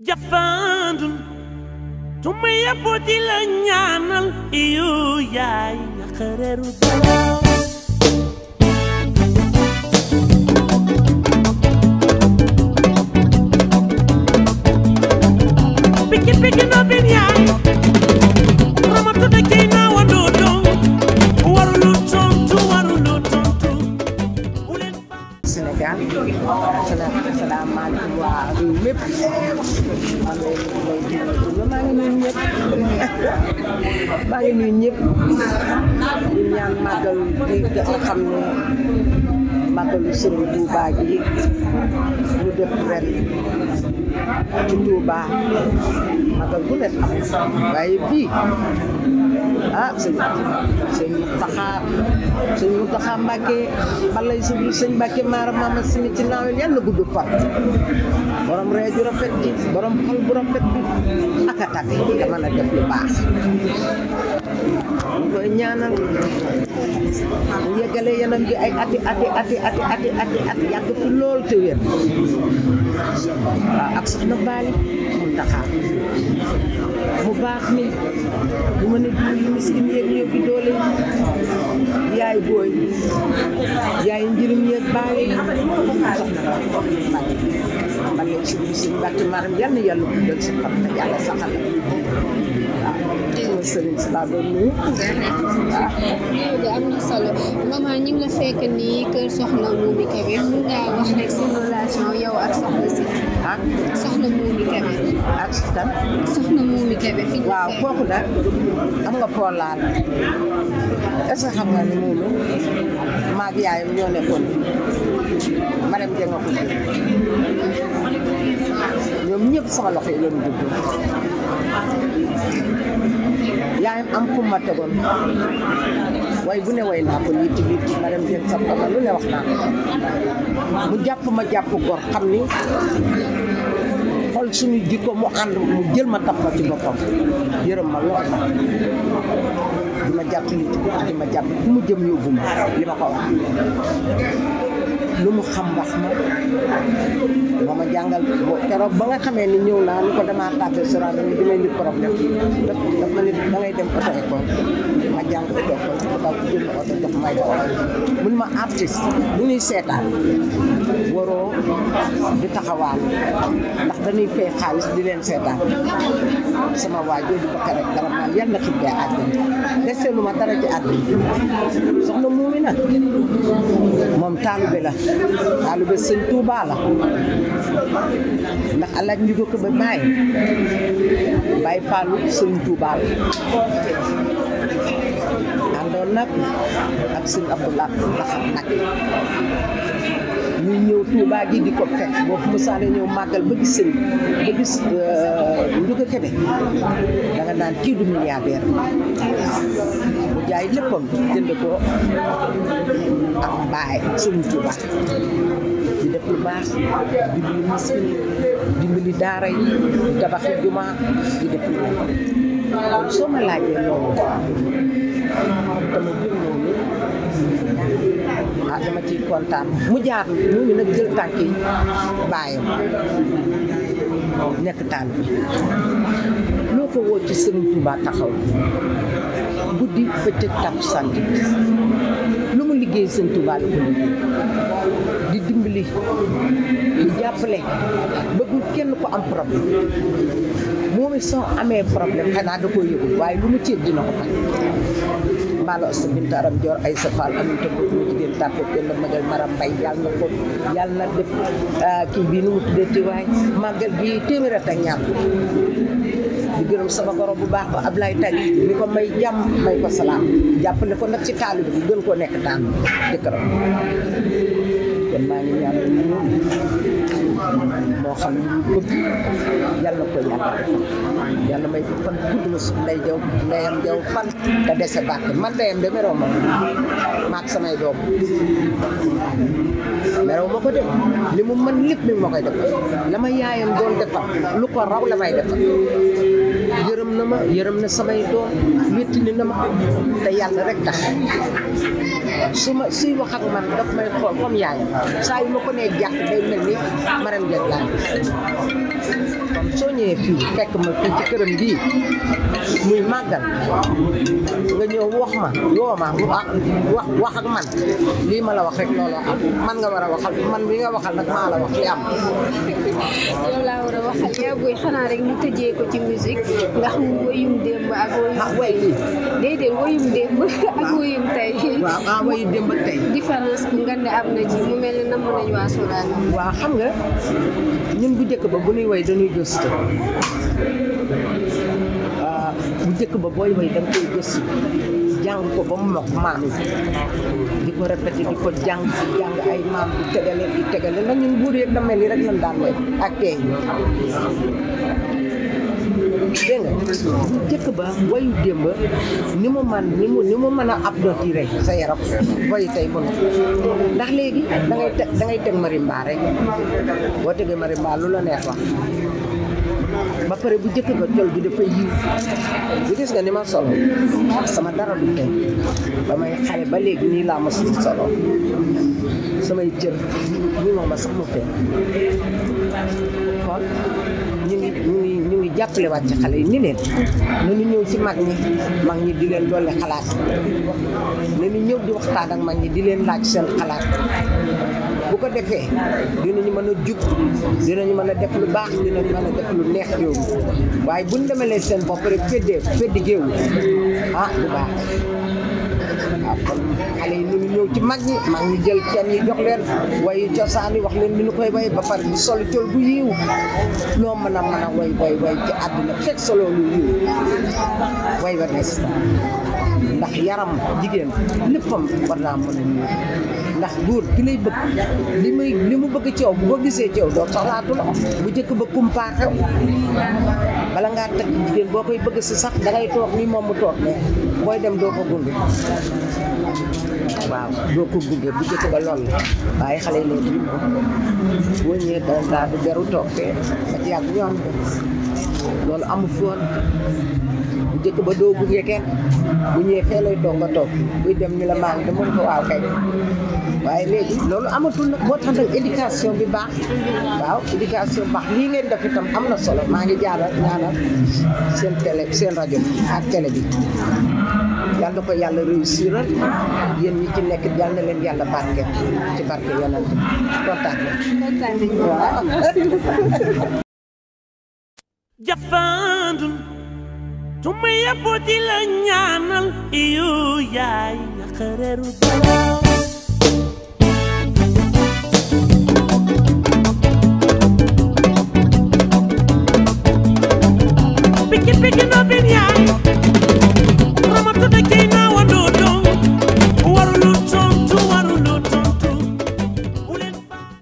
jafandul tuma yebbu di la ñaanal iyo yaay xareeru dalaw piki piki yaay maa ngi nuyu ñëpp maa ngi nuyu ñëpp di ñaan màggal gi nga xam ne màggalu sëriñ Tuubaa ji ñu def ren ci Tuubaa màggal bu nekk waaye ah sëñ sëñ Mountakha sëñ Mountakha balay sëñ sëñ Mbacke maara mama simi ci naawel yàlla gudd fan borom reeju ji borom xol bu rafet bi tabe te mën a def lu baax koy ñaanal yeggale yeneen bi ay ati ati ati ati ati ati yàgg fi lool te waaw ak soxna baali mu ndaxaar mu baax mi bu mën a dimbali miskin yéeg ñëw bi doole yaay booy yaay njirim yéeg baali soxna sëriñ sëriñ Mbàkke waaw sëriñ si am nga foo laal est xam nga ni moom maag yaayam ñoo nekkoon ma dem jënga ko ñoom ñëpp sama loxo yi lañu dugg yaayam am ku ma tegoon way bu ne way naa ko liiti liiti ma dem seen sab kama lu ne wax naa ko mu jàpp ma jàpp gor xam ni xool suñu jikko mu ànd mu jël ma taf ma ci boppam yërëm ma lool ma di ma jàpp liiti di ma jàpp ku mu jëm yóbbu ma li ma ko wax lu mu xam wax moo ma jàngal keroog ba nga xamee ni ñëw naa ni a damaa tàggat si rajo bi dinañ di problème ma ne da ngay mun ma artiste bu ñuy seetaan waroo di taxawaal ndax dañuy fay xaalis di leen seetaan sama waajur di bakka rek dara naan yal na xibbee àddina deseelu ma dara ci àddina soxna muumi na moom taalube la taalube sëñ Tuubaa la ndax alaaj njugo ko ba bàyyi bàyyi faalu sëñ Tuubaa àndoon nag ak suñ abdoulah baxam nag ñuy ñëw Touba gi di ko fekk boo fu musaane ñëw màggal ba gis sëñ ba gis euh, Ndiouga Kébé da naan kii du mu jaay léppam jënd ko ak mbaay suñu Touba di def lu baax dimbali miskin dimbali daara yi tabaxi jumaa di def lu baax soo ma laajee loolu dama jël loolu ah dama ciy kontaan mu jaar mu nag jël tànk yi bàyyam nekk taal bi loo ko woo ci Sëriñ Tuubaa taxaw guddi bëccëg tàpp sant lu mu liggéey Sëriñ Tuubaa la ko liggéey di dimbali di jàppale bëggul kenn ko am problème moom it soo amee problème xanaa da koo yëgul waaye lu mu tiit dina ko faj mbaalo asta binta aram joor ay sa faal am ta bokk mu jigéen tàkko benn magal maram mbay yàlla na ko yàlla na def ah, kii bii nu mu tuddee ti waay bi téeméer ak ñaar di gërëm sama goro bu baax ko Ablaye Tali ni ko may jàmm may ko salaam jàppale ko nag ci taalu bi gën koo nekk taal jëkkëram kon maa moo xam ne ñu bëgg ko yàlla defal yàlla may fan gudd la su nday jaw ndeyam jaw fan te dese bàkk man ndeyam de meroo maak samay doom meroo ma ko def li mu mën lépp ma koy defal la ma yaayam doon defal lu ko raw la may defal yërëm na ma yërëm na samay doom wéttali na ma te yàlla rek tax su ma man daf may xool comme ma ko nee jàkk day mel ni maram jot laa kon soo ñëwee fii fekk ma fii ci këram bii muy màggal nga ñëw wax ma woo ma ah, wax wax ak man lii ma la wax rek looloo am man nga war a waxal man wi nga waxal nag maa la wax li am. yow war a waxal yaa booy xanaa rek ñu tëjee ko ci musique nga xam woyum démb ak woyum. ah way lii déedéet woyum démb ak mooy différence bu ngeen ne am na ji mu mel ne namm nañu waa Sorano. waaw xam nga ñun bu njëkk ba bu nuy woy dañuy gëstu ah, bu njëkk ba booy woy da nga koy gëstu jàng ko ba mu mokk maam yi di ko répété di ko jàng di jàng ay maam di tegale di tegale ñun buur yeeg damel yi rek lan daan woy ak tey. dégg nga jëkk ba wayu démb ni mu man ni mu ni mu mën a abdotiré sa yaram wayu tey mënu ndax léegi da ngay teg da ngay rek boo tegee marimba lu la neex wax ba pare bu jëkk ba col bi dafa yiw bi gis nga ni ma solo sama dara du feeñ ba may xale ba léegi nii laa mos di solo samay cër ñu moom ma sax mu feeñ kon ñu ngi ñu ngi ñu ngi jàppale waat xale yi ni leen nañu ñëw ci mag ñi mag ñi di leen dolli xalaat nañu ñëw di waxtaan ak mag ñi di leen laaj seen xalaat bu ko defee ñu mën a jub dinañu mën a def lu baax dinañu mën a def lu neex réew mi waaye buñ demalee seen bopp rek féddee féddi géewu ah lu baax waaw ah, kon xale yi ñu ñëw ci mag ñi mag ñi jël kenn yi jox leen wayu cosaan wax leen ni ñu koy way ba pare sol col bu yiiw loo mën a mën a way way ci àdduna fekk solo lu yiiw way ba des ndax yaram jigéen léppam war naa mën a ñëw ndax góor gi lay bëgg li muy li mu bëgg ci yow boo gisee ci doo soxlaatu la bu jëkk ba kumpaa bala ngaa takk jigéen boo koy bëgg si sax dangay toog ni moom mu toog ne booy dem doo ko gunge waaw doo ko gunge bu jëkk ba lool la waaye xale yi boo ñëwee daan daa du beru toog fee ba ci yàgg yoon loolu amu fi jëkk ba doo gunge kenn bu ñëwee fee lay toog nga toog buy dem ñu la maa ngi demoon ko waaw kay waaye léegi loolu amatul nag moo tax nag éducation bi baax waaw éducation baax lii ngeen def itam am na solo maa ngi jaaral ñaanal seen télé seen rajo bi ak télé bi yàlla ko yàlla réussir yéen ñi ci nekk yàlla na leen yàlla barke ci barke yonent bi kontaan nañ su ma yebbu di la ñaanal iyo yaay xareeru bala